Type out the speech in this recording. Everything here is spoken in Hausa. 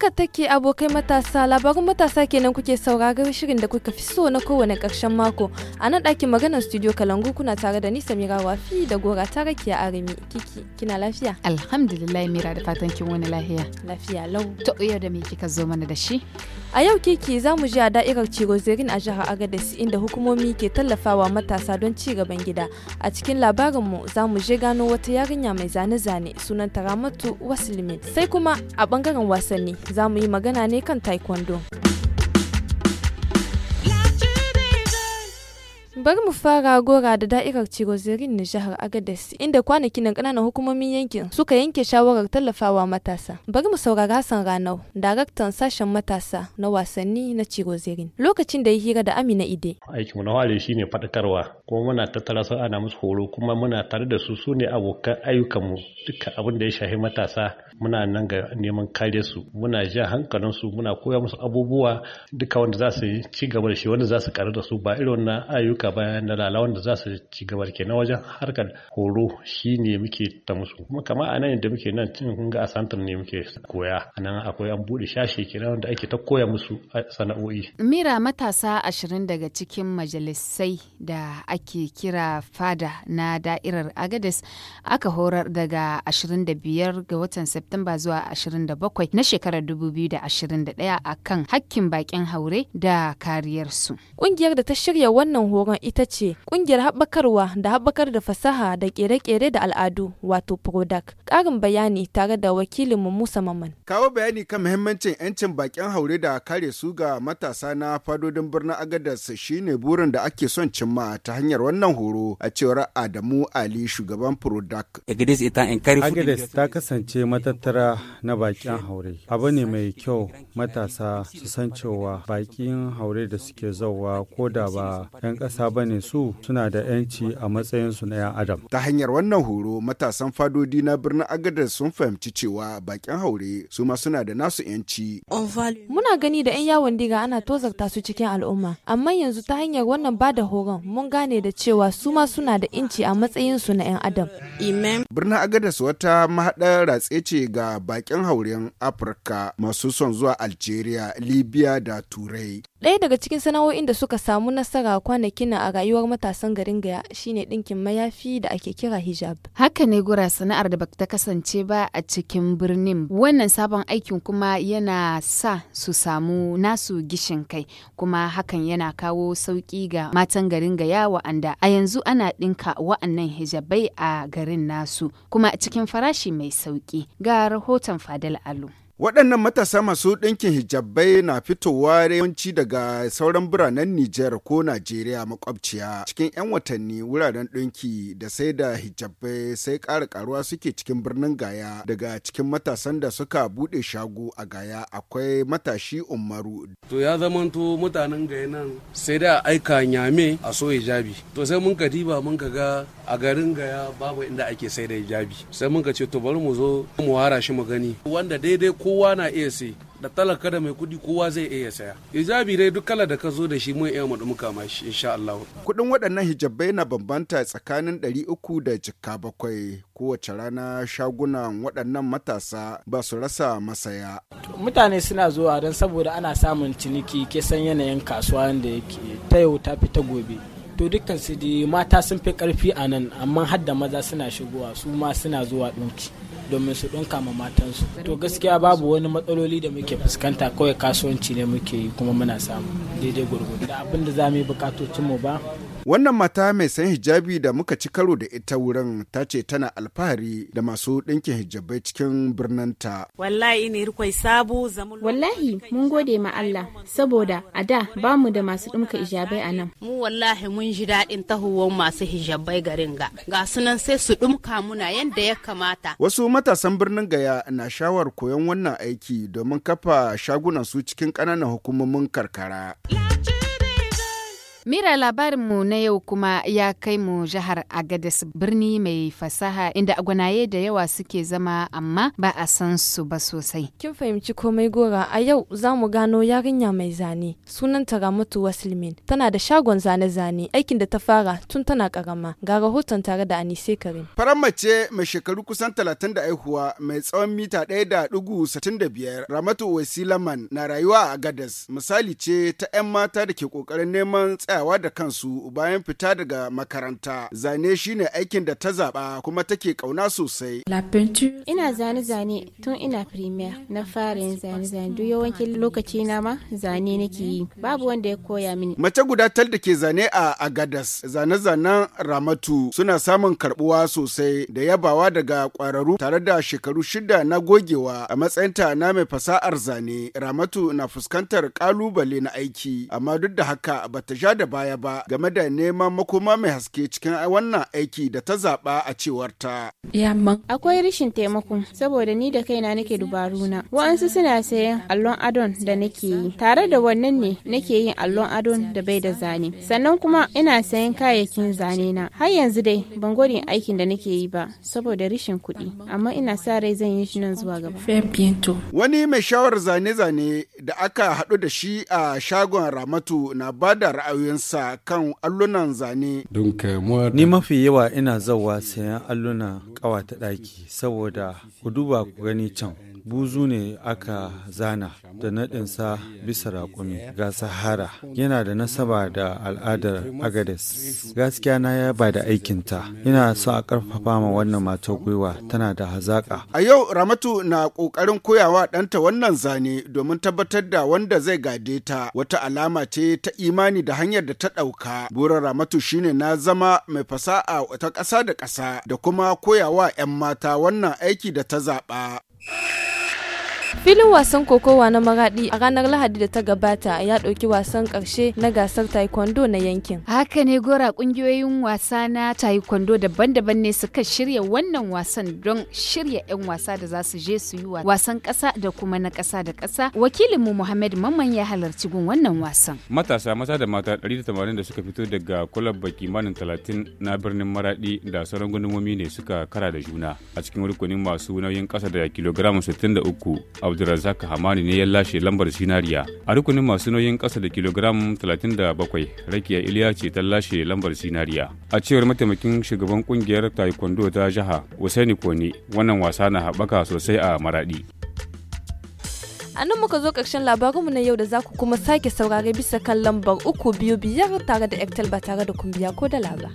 haka take abokai matasa labarin matasa kenan kuke saurara shirin da kuka fi so na kowane ƙarshen mako a nan ɗakin maganar studio kalangu kuna tare da ni samira wafi da gora tare ki arimi kiki kina lafiya alhamdulillah mira da fatan kin wani lafiya lafiya lau to yau da me kika zo mana da shi a yau kiki za mu je a da'irar cirozerin a jihar agadez inda hukumomi ke tallafawa matasa don ci gaban gida a cikin labarinmu za mu je gano wata yarinya mai zane-zane sunanta ramatu wasilmin sai kuma a bangaren wasanni za mu yi magana ne kan taekwondo. Bari mu fara gora da da'irar Cirozirin na jihar Agadez inda kwanaki nan kananan hukumomin yankin suka yanke shawarar tallafawa matasa. Bari mu saurara Hassan Ranau, daraktan sashen matasa na wasanni na Cirozirin. Lokacin da ya hira da Amina Ide. Aikin mu na wale shine faɗakarwa kuma muna tattara su ana musu horo kuma muna tare da su su ne abokan ayyukan mu duka abin da ya shafi matasa muna nan ga neman kare su muna ja hankalin su muna koya musu abubuwa duka wanda za su ci gaba da shi wanda za su karu da su ba irin na ayyuka bayan na lalawan da za su ci gaba ke kenan wajen harkar horo shi ne muke ta musu kuma kama a nan da muke nan cin kun ga a santar ne muke koya a nan akwai an buɗe shashe kenan da ake ta koya musu sana'o'i. Mira matasa ashirin daga cikin majalisai da ake kira fada na da'irar Agades aka horar daga 25 ga watan Septemba zuwa 27 na shekarar 2021 a kan hakkin baƙin haure da kariyarsu. Ƙungiyar da ta shirya wannan horon ita ce kungiyar haɓakarwa da haɓakar da fasaha da ƙere-ƙere da al'adu wato prodac ƙarin bayani tare da wakilinmu musa maman kawo bayani kan muhimmancin 'yancin bakin haure da kare su ga matasa na fadodin birnin agadas shine burin da ake son cimma ta hanyar wannan horo a cewar adamu ali shugaban prodac agadas ta kasance matattara na baƙin haure abu ne mai kyau matasa su san cewa baƙin haure da suke zauwa ko da ba 'yan ƙasa ba ne su suna da 'yanci a matsayinsu na 'yan adam. Ta hanyar wannan horo matasan fadodi na birnin Agadar sun fahimci cewa bakin haure su ma suna da nasu 'yanci. Muna gani da 'yan yawon diga ana tozarta su cikin al'umma, amma yanzu ta hanyar wannan ba da horon mun gane da cewa su ma suna da 'yanci a matsayin su na 'yan adam. Birnin Agadar wata mahaɗar ratse ce ga bakin hauren Afirka masu son zuwa Algeria, Libya da Turai. Ɗaya daga cikin sana'o'in da suka samu nasara kwanakin a rayuwar matasan garin Gaya shine ɗinkin mayafi da ake kira hijab. Haka ne gura sana'ar da ta kasance ba a cikin birnin. Wannan sabon aikin kuma yana sa su samu nasu gishin kai kuma hakan yana kawo sauƙi ga matan garin Gaya wa'anda a yanzu ana ɗinka wa'annan hijabai a garin nasu kuma cikin farashi mai sauƙi ga rahoton Fadal Alu. Waɗannan matasa masu ɗinkin hijabai na fitowa yawanci daga sauran biranen Nijar ko Najeriya makwabciya cikin 'yan watanni wuraren ɗinki da sai da hijabai sai ƙara ƙaruwa suke cikin birnin Gaya daga cikin matasan da suka buɗe shago a Gaya akwai matashi Umaru. To ya zama to mutanen Gaya nan sai da aika nyame a so hijabi. To sai mun ka diba mun ka ga a garin Gaya babu inda ake sai da hijabi. Sai mun ka ce to bari mu zo mu hara shi mu gani wanda daidai ko kowa na iya sai da talaka da mai kudi kowa zai iya saya hijabi dai duk kala da ka zo da shi mun iya mu kama shi insha Allah kudin waɗannan hijabai na bambanta tsakanin 300 da jikka bakwai kowace rana shagunan waɗannan matasa ba su rasa masaya mutane suna zuwa don saboda ana samun ciniki ke san yanayin kasuwa da yake ta yau ta fita gobe to dukkan su mata sun fi karfi a nan amma har da maza suna shigowa su ma suna zuwa dinki domin su ɗunka ma matansu to gaskiya babu wani matsaloli da muke fuskanta kawai kasuwanci ne muke yi kuma muna samu daidai gurgudu da abin da za mu yi bukatocinmu ba Wannan mata mai san hijabi da muka ci karo da ita wurin ta ce tana alfahari da masu ɗinkin hijabai cikin birninta. Wallahi ne rikwai Wallahi mun gode ma Allah saboda a da ba mu da masu ɗinka hijabai a nan. Mu wallahi mun ji daɗin tahowar masu hijabai garin ga. Ga sunan sai su ɗumka muna yadda ya kamata. Wasu matasan birnin Gaya na shawar koyon wannan aiki domin kafa shagunan su cikin ƙananan hukumomin karkara. Mira labarinmu na yau kuma ya kai mu jihar Agadez birni mai fasaha inda agwanaye da yawa suke zama amma ba a san su ba sosai. Kin fahimci komai gora a yau za mu gano yarinya mai zane sunanta Ramatu Wasilmin tana da shagon zane-zane aikin da ta fara tun tana karama ga rahoton tare da Anise Karim. Faran mace mai shekaru kusan talatin da aihuwa mai tsawon mita ɗaya da ɗugu satin da biyar Ramatu Wasilaman na rayuwa a Agadez misali ce ta 'yan mata da ke ƙoƙarin neman tsayawa da kansu bayan fita daga makaranta. Zane shine aikin da ta zaɓa kuma take ƙauna sosai. Ina zane-zane tun ina premier na fara yin zane-zane duk yawancin lokaci na ma zane nake yi. Babu wanda ya koya mini. Mace guda tal da ke zane a Agadas zane-zanen Ramatu suna samun karbuwa sosai da yabawa daga kwararru. tare da shekaru shida na gogewa a matsayinta na mai fasa'ar zane. Ramatu na fuskantar ƙalubale na aiki amma duk da haka bata sha da baya ba game da neman makoma mai haske cikin wannan aiki da ta zaɓa a cewar ta. Akwai rashin taimako saboda ni da kaina nake na Wa'ansu suna sayan allon adon da nake yi. Tare da wannan ne nake yin allon adon da bai da zane. Sannan kuma ina sayan kayayyakin zane na. Har yanzu dai ban gwada aikin da nake yi ba saboda rashin kuɗi. Amma ina sa rai zan yi shi nan zuwa gaba. Wani mai shawar zane-zane da aka haɗu da shi a shagon Ramatu na bada ra'ayoyi sayensa kan allunan zane. Ni mafi yawa ina zawa sayan alluna ta ɗaki saboda ku duba ku gani can. buzu ne aka zana da naɗinsa bisa raƙumi ga sahara yana da nasaba da al'adar agades gaskiya na ya ba da aikinta yana so a ƙarfafa ma wannan matar gwiwa tana da hazaƙa a yau ramatu na ƙoƙarin koyawa ɗanta wannan zane domin tabbatar da wanda zai gade ta wata alama ce ta imani da hanyar yar da ta ɗauka. Burin Ramatu shine na zama mai fasa'a ta ƙasa da ƙasa da kuma koyawa 'yan mata wannan aiki da ta zaɓa. filin wasan kokowa na maraɗi a ranar lahadi da ta gabata ya ɗauki wasan ƙarshe na gasar taekwondo na yankin haka ne gora ƙungiyoyin wasa na taekwondo daban-daban ne suka shirya wannan wasan don shirya 'yan wasa da za su je su yi wasan ƙasa da kuma na ƙasa da ƙasa wakilin mu muhammad mamman ya halarci gun wannan wasan matasa maza da mata 180 da suka fito daga baki manin 30 na birnin maradi da sauran gundumomi ne suka kara da juna a cikin rukunin masu nauyin ƙasa da kilogram 63 abdulrazak hamani ne ya lashe lambar zinariya a rukunin masu nauyin ƙasa da kilogram 37 rakiya iliya ce ta lashe lambar zinariya a cewar mataimakin shugaban kungiyar taekwondo ta jiha usaini kone wannan wasa na haɓaka sosai a maradi a nan muka zo ƙarshen labarinmu na yau da za ku kuma sake saurare bisa kan lambar uku biyu biyar tare da ectel ba tare da kumbiya ko da laba.